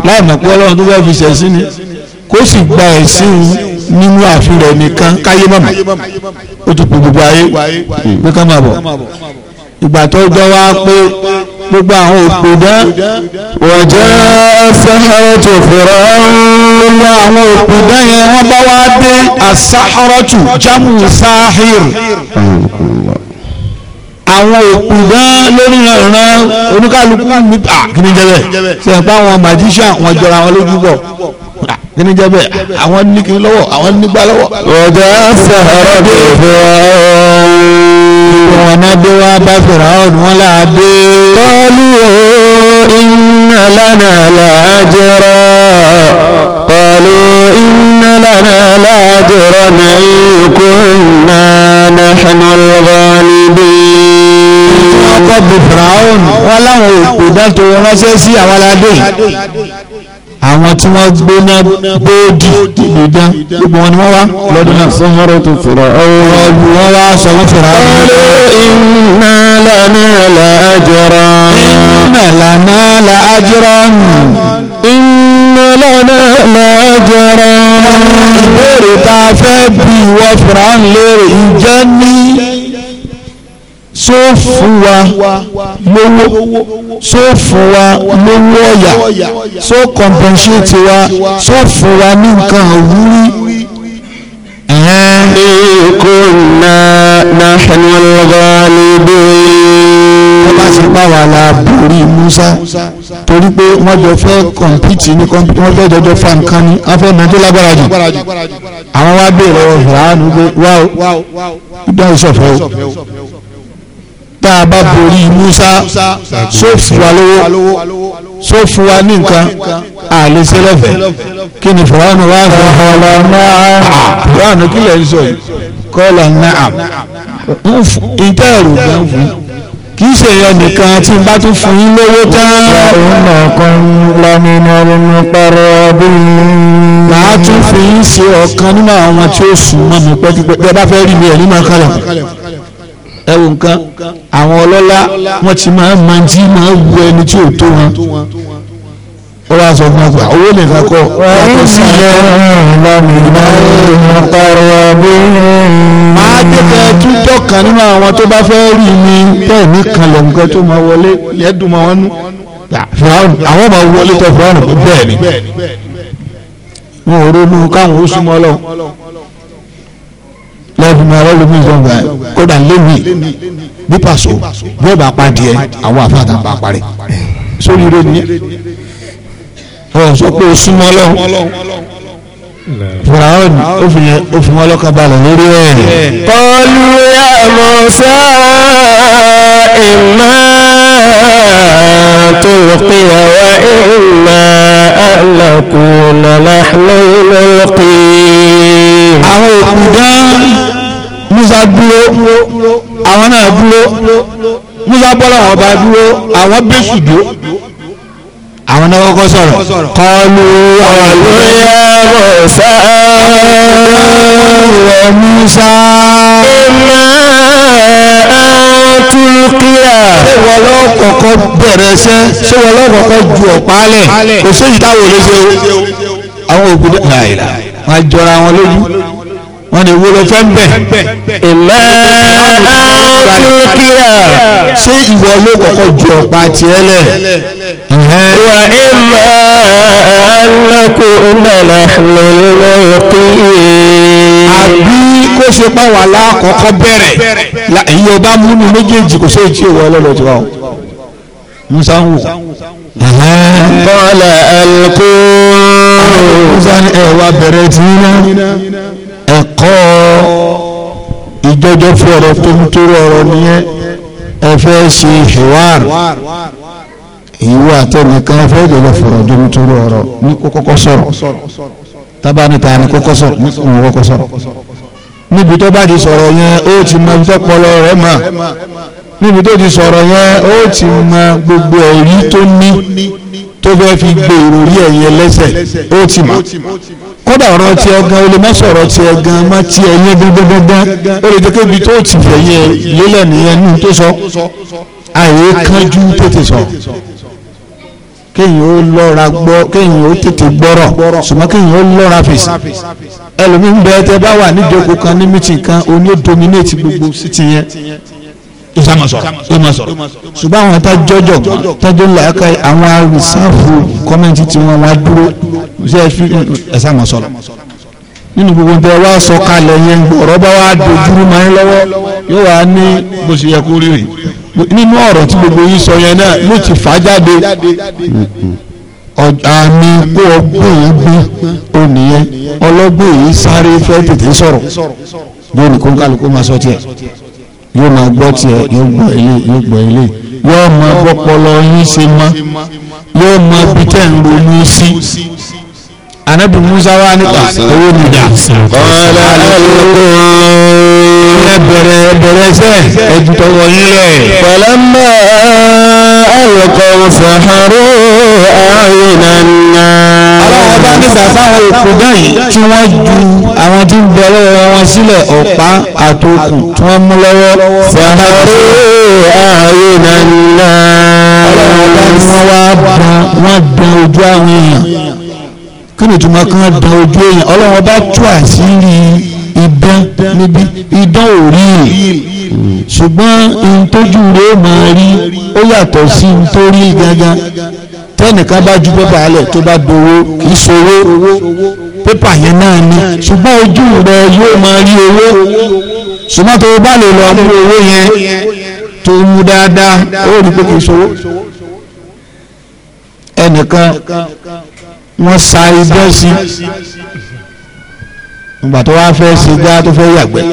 láì mọ̀ pé ọlọ́run tó fẹ́ fi ṣẹ̀ sí ni kó sì gba ẹ̀sìn nínú ààfin rẹ̀ nìkan káyé mọ̀mọ́ ó ti pè gbogbo ayé pé ká máa bọ̀ ìgbà tó jọ wá pé gbogbo àwọn òpè dán wọ̀jẹ́ sẹ́hẹ́rẹ́tò fẹ̀rẹ̀ gbogbo àwọn òpè dán yẹn wọ́n bá wá dé asáhárọ́tù jámù sáhìr àwọn òkú lórí ìran oníkálukú nípa ah, kí sẹ́yìn pé àwọn magician wọn jọra wọn lójú bọ̀ ah, nínú jẹ́ bẹ́ẹ̀ àwọn níkin lọ́wọ́ àwọn nígbà lọ́wọ́. ọ̀gá sàrọ̀ bí fún wọn náà dé wá bá fèrè àwọn wọn là á dé. kọ́lù iná lánàá là kọ́lù iná lánàá là náà ikú náà náà lọ́wọ́ níbí. wọ́n bí fèrè àwọn wọn láwọn òkú dá wọn ránṣẹ́ sí àwọn aládé yìí àwọn tí wọ́n gbóná bóódì ìdán gbogbo wọn ni wọ́n wá lọ́dún náà. sọ́mọ́rọ́ tó fura ọ̀rọ̀ ọ̀gbìn wọ́n wá sọ́mọ́ fura. ọ̀rọ̀ iná lánàá la ajra. iná lánàá la iná lánàá la ìbéèrè tá a fẹ́ bí wọ́n fura ń lérè ìjẹ́ ní. So fún wa lówó tó fún wa lówó ọ̀yà so compensate wa tó fún wa ní nǹkan òwúrí. Kunna nahnu al-ghalibin. Wọ́n bá ti bá wa la borí Musa torí pé wọ́n jọ fẹ́ kọ̀mpìtì ní kọ̀mpìtì wọ́n fẹ́ jọjọ́ fa nǹkan ní afẹ́ náà tó lágbára jù. Àwọn wá bèèrè ọ̀rọ̀ ìhàánú pé wáò, ìdáhùn sọ̀fẹ́ o tá a bá borí Musa só fún wa lówó só fún wa ní nǹkan àlèṣe lọ́fẹ̀ẹ́ kí ni fúlànù wá fún ọlọ náà fúlànù kí lè ń sọ yìí kọ́lọ̀ náà ìtẹ́ ẹ̀rù gan fún kì í ṣe èèyàn nìkan tí n bá tún fún yín lówó tán. ìyá ọkàn lámìnà ọmọ pẹrẹ ọdún. màá tún fi yín ṣe ọ̀kan nínú àwọn tí ó sùn mọ́ mi pẹ́kípẹ́ bí ẹ bá fẹ́ rí mi ẹ̀ nínú ọkàn lọ ẹ wo nǹkan àwọn ọlọ́lá wọ́n ti máa ń máa ń tí máa ń wu ẹni tí ò tó wọn ó wá sọ fún ọgbà owó nìkan kọ máa jẹ́kẹ̀ túnjọ́ kan nínú àwọn tó bá fẹ́ rí mi bẹ́ẹ̀ ní kalẹ̀ nǹkan tó máa wọlé lẹ́dùn máa wọnú. àwọn máa wọlé tọ fúráùn bẹ́ẹ̀ ni wọn ò ronú káwọn ó súnmọ́ lọ lọ́ọ̀dún mi ọlọ́ọ̀lù mi ìjọba kódà lémi bí pàṣọ bí ọba apàdé àwọn àfàdà bá parẹ sórí ire nìyẹn ọ sọ pé o súnmọ́ lọ́wọ́ fúráwọn òfin òfin ọlọ́kàn balẹ̀ lórí ẹ̀. kọlu ya Musa imma tulqiya wa imma alakuna nahnu lulqi. àwọn òkú dán. Musa dúró àwọn náà dúró Musa bọ́lá àwọn ọba dúró àwọn bẹ́sù dúró àwọn náà kọ́kọ́ sọ̀rọ̀ kọlu ọ̀rọ̀ yẹ Musa ọ̀rọ̀ Musa ìmọ̀ àtúnkìá. ṣé wọn lọ kọ́kọ́ bẹ̀rẹ̀ ṣẹ́ ṣé wọn lọ kọ́kọ́ ju ọ̀pá lẹ̀ kò séyìí táwọn olóṣèlú àwọn òkú dẹ́ wọn á jọra wọn lójú wọ́n ní wọ́n fẹ́ ń bẹ̀. ìmọ̀ àtúkìá. ṣé ìwọ ló kọ́kọ́ ju ọ̀pá tiẹ̀ lẹ̀. wà ìmọ̀ alákò nàlà lọ́lọ́ pé. àbí kó ṣe pa wà lákọ̀ọ́kọ́ bẹ̀rẹ̀ èyí ọba múnú méjèèjì kò sí èyí tí ìwọ ọlọ́lọ́ ti wà o. musa ń wò. bọ́lá alukó. musa ni ẹ wá bẹ̀rẹ̀ tí ń rán ẹ̀kọ́ ìjọjọ́ fún ọ̀rọ̀ tó ń torí ọ̀rọ̀ nìyẹn ẹ fẹ́ ṣe hiwar ìwọ àtẹnìkan ẹ fẹ́ jọjọ́ fún ọ̀rọ̀ tó ń torí ọ̀rọ̀ ní kó kọ́kọ́ sọ̀rọ̀ tábàánì ta ni kó kọ́kọ́ sọ̀rọ̀ ní kó kọ́kọ́ sọ̀rọ̀ níbi tó bá ti sọ̀rọ̀ yẹn ó ti mọ ibi tó pọlọ rẹ̀ mọ̀ níbi tó ti sọ̀rọ̀ yẹn ó ti mọ gbogbo ẹ̀rí tó ní tó fẹ́ fi gbé ìròrí ẹ̀yìn ẹlẹ́sẹ̀ ó ti mọ̀ kódà ọ̀rọ̀ ti ẹ̀gan o lè má sọ̀rọ̀ ti ẹ̀gan má ti ẹ̀yìn gangan ó lè dókè ibi tó ti fẹ̀yìn ẹ̀ lélẹ̀ nìyẹn ní tó sọ àyè kánjú tètè sọ kéèyàn ó lọ́ra gbọ́ kéèyàn ó tètè gbọ́rọ̀ ṣùgbọ́n kéèyàn ó lọ́ra fèsì ẹlòmíín bẹ́ẹ̀ tẹ́ bá wà níjókòó kan ní mítìn kan oní dominate gbogbo sí ti yẹn ìsàmà sọ̀rọ̀ ìmà sọ̀rọ̀. ṣùgbọ́n àwọn tájọ́jọ́ tájọ́ làákà àwọn arìsáàfù kọ́mẹ́ntì tí wọ́n wá dúró ṣe é fi ẹ̀sàmà sọ̀rọ̀. nínú gbogbo tẹ wá sọ kalẹ̀ yẹn gbọ̀rọ̀ bá wá dojúrú máa ń lọ́wọ́ yóò wá ní bó ṣe yẹ kó rí rè nínú ọ̀rọ̀ tí gbogbo yìí sọ yẹn náà ló ti fà á jáde àmì kó ọgbọ́n yìí gbé ònìyẹn e ọlọ́gbọ́n yìí sáré fẹ́ tètè sọ̀rọ̀ bó ní kó kálukú máa sọ tiẹ̀ yóò máa gbọ́ tiẹ̀ yóò gbọ́ ilé yóò gbọ́ ilé yóò máa bọ́pọlọ yín ṣe mọ́ yóò máa bí tẹ́ ń ronú sí. anabi musa wa nípa owó mi dà. ọ̀la lọ́kọ̀ ẹ bẹ̀rẹ̀ bẹ̀rẹ̀ sẹ́ ẹ̀dùn tọwọ́ yín lẹ̀. pẹ̀lẹ́mà alùpùpù sàhárò. padà sáwọn òkúdá yìí tí wọ́n ju àwọn tí ń bẹ lọ́wọ́ wọn sílẹ̀ ọ̀pá àtòkù tí wọ́n mú lọ́wọ́ sàmàrí ààyè nàìjíríà wọ́n wá bá wọ́n dán ojú àwọn èèyàn kí ni ìtumọ̀ kan dán ojú èèyàn ọlọ́wọ́n bá tú àṣírí idán níbi idán ò rí ṣùgbọ́n ìtọ́jú rẹ̀ máa rí ó yàtọ̀ sí nítorí gangan tẹ́nìkan bá ju pépà alẹ̀ tó bá dowó kì í sowó pépà yẹn náà ni ṣùgbọ́n ojú rẹ yóò máa rí owó ṣùgbọ́n tó o bá lè lọ mú owó yẹn tó mú dáadáa ó rí pé kì sowó ẹnìkan wọ́n sa idán sí ìgbà tó fẹ́ ṣe dá tó fẹ́ yàgbẹ́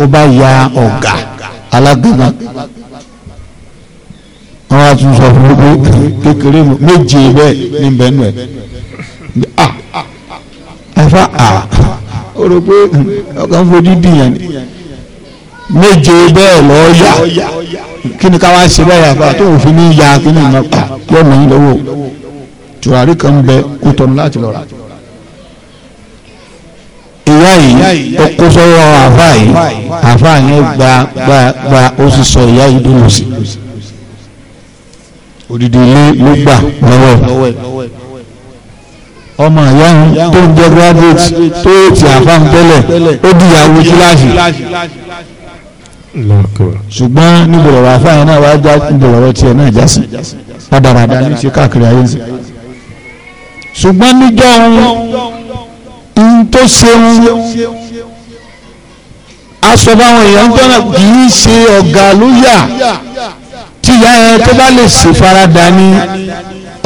ó bá ya ọ̀gá alágbèbá wọ́n á tún sọ fún mi pé kékeré méje bẹ́ẹ̀ ní bẹ́ẹ̀nu ẹ̀ ah, ah, ah, ẹ̀fà à ó rò pé ọkàn fojú dìyàn ni méje bẹ́ẹ̀ lọ́ọ́ yà kí ni ká wá ṣe báyà fà tó òfin ní ya kí ni ìmọ̀ pa yọ̀ mọ̀ yín lọ́wọ́ tùràrí kan ń bẹ kó tọ́nu láti lọ́ra ìyá yìí ó kó sọ́wọ́ àfáà yìí àfáà yẹn gba gba gba ó sì sọ ìyá yìí dúró sí i odidi ilé ló gbà lọ́wọ́ ọmọ ìyá ń tó ń jẹ graduate tó ti àfáàn tẹ́lẹ̀ ó di ìyàwó kíláàsì ṣùgbọ́n níbo lọ́rọ̀ àfáàn náà wàá já níbo lọ́rọ̀ tiẹ̀ náà já sí padàbàdà ní ti káàkiri ayé ń sè ṣùgbọ́n níjọ́ ń tó ṣeun aṣọ báwọn èèyàn ń tọ́nà kì í ṣe ọ̀gá ló yà ìyá yẹn tó bá lè ṣèfaradà ní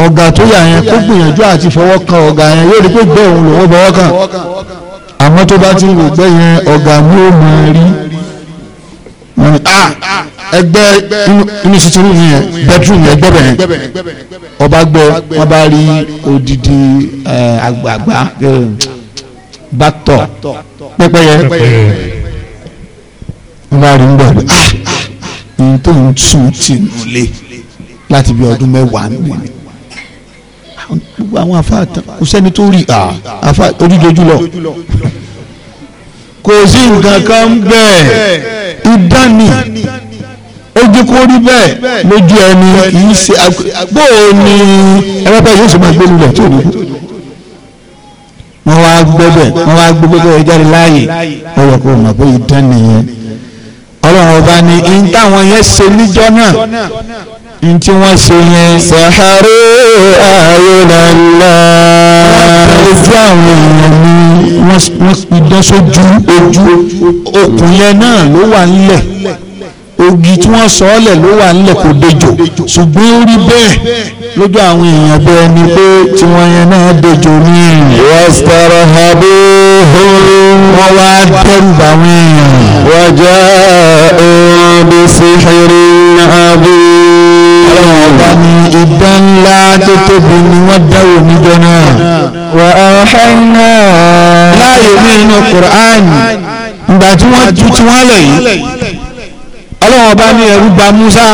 ọ̀gá tó yà yẹn kó gbìyànjú àti fọwọ́ kan ọ̀gá yẹn yóò rí pé bẹ́ẹ̀ òun lòun bọ̀wọ́ kàn àmọ́ tó bá ti rò gbẹ́ yẹn ọ̀gá mú ò mọ̀ rí ah, ẹgbẹ́ inú sitiri yẹn bedroom yẹn gbẹ́bẹ̀ yẹn ọba gbẹ wọn bá rí odidi àgbààgbà bàtọ̀ pẹ́pẹ́yẹ wọn bá rí ń bọ̀ ah tó ń tún tìǹbù lé láti bí ọdún mẹ́wàá nìyẹn gbogbo àwọn àfáà tán kò sẹ́ni tó rí àfáà onídójú lọ kò sí nǹkan kan bẹ́ẹ̀ ìdánì ojú kò rí bẹ́ẹ̀ lójú ẹni kì í ṣe bóò ni ẹlẹ́pẹ́ yóò ṣe máa gbé lulẹ̀ tó nìkú wọ́n wá gbẹ́bẹ̀ wọ́n wá gbẹ́bẹ̀ jáde láàyè ọ̀rọ̀ kò mọ̀ pé ìdánì yẹn ọlọ́run ọba ni in táwọn yẹn ṣe níjọ́ náà in tí wọ́n ṣe yẹn. sàhárò ayélujára. wọ́n tẹ̀lé àwọn èèyàn ni wọ́n pidán sójú ojú okùn yẹn náà ló wà nílẹ̀ ògì tí wọ́n sọ ọ́lẹ̀ ló wà nílẹ̀ kò dejò ṣùgbọ́n ó rí bẹ́ẹ̀ lójú àwọn èèyàn bí ẹni pé tí wọ́n yẹn náà dejò ní wọ́n sọ̀rọ̀ àbí wọ́n wá dẹ́rù bá àwọn èèyàn. وجاءوا بسحر عظيم ọlọ́run idán ńlá tó tóbi ni wọ́n dáwò níjọ náà wà áwọ̀háìnà láàyè ní inú kùránì ìgbà tí wọ́n ju tí wọ́n lẹ̀ yìí ọlọ́run ọba ní ẹ̀rù bà Musa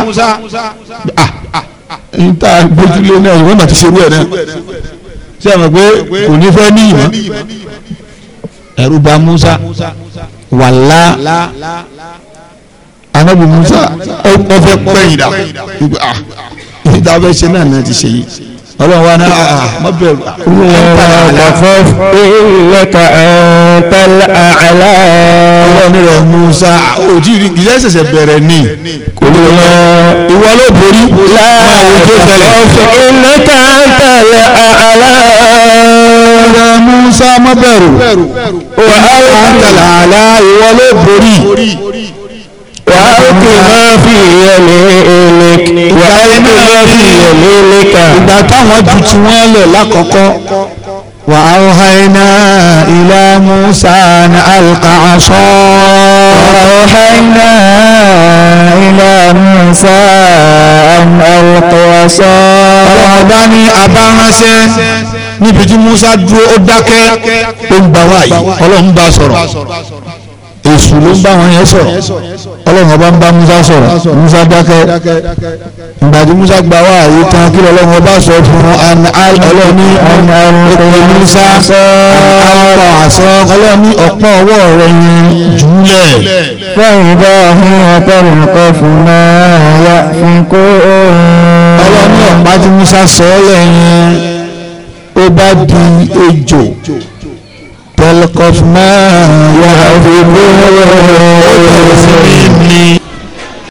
níta gbójúlé náà ìwọ́n àti ṣerú ẹ̀ náà ṣé àmọ̀ pé kò ní fẹ́ ní ìmọ̀ ẹ̀rù bà Musa wàlá anabi musa ọfẹ pẹyìndà ìdá ah, bẹ ṣe náà náà ti ṣe yìí ọlọ́run wa náà ah, má bẹ̀rù. lọ́fọ́ ìlẹ́ka ẹ̀ẹ́tẹ́lẹ̀ àlá. ọlọ́run rẹ̀ musa òjì ìgbìlẹ̀ ṣẹ̀ṣẹ̀ bẹ̀rẹ̀ ni. kò ní lọ ìwọ ló borí. láàrín ìlẹ́ka ẹ̀ẹ́tẹ́lẹ̀ àlá rẹ Musa má bẹ̀rù wà á àtàlà àlá ìwọ ló borí wà á òkè máa fi ìyẹ̀lẹ̀ ẹ̀lẹ̀ wà á òkè máa fi ìyẹ̀lẹ̀ ẹ̀lẹ̀ kà. ìgbà táwọn ju ti wọ́n lẹ̀ lákọ̀ọ́kọ́ wà á Musa ní alùpà aṣọ. ọ̀háìnà Musa ní alùpà aṣọ. ọ̀rọ̀ abáhánṣẹ́ níbi tí Musa dúró ó dákẹ́ ó ń bá wa yìí ọlọ́run bá sọ̀rọ̀ èṣù ló ń bá wọn yẹn sọ̀rọ̀ ọlọ́run ọba ń bá Musa sọ̀rọ̀ Musa dákẹ́ ìgbà tí Musa gba wá àyè tán kí ọlọ́run ọba sọ fún ọlọ́run ọkọ̀ Musa ọkọ̀ àṣọ ọlọ́run ọ̀pọ̀ ọwọ́ rẹ̀ yẹn jùlẹ̀. lẹ́yìn bá ọ̀hún ọ̀pẹ̀rẹ̀ nǹkan fún náà fún kó. ọlọ́run ọ̀pá tí Musa sọ ọ́ lẹ́yìn bá di ejò tẹlifọsí náà yàrá ìgbẹ́ ọ̀rọ̀ ọ̀rọ̀ ọ̀rọ̀ ọ̀rọ̀ ọ̀rọ̀ ọ̀rọ̀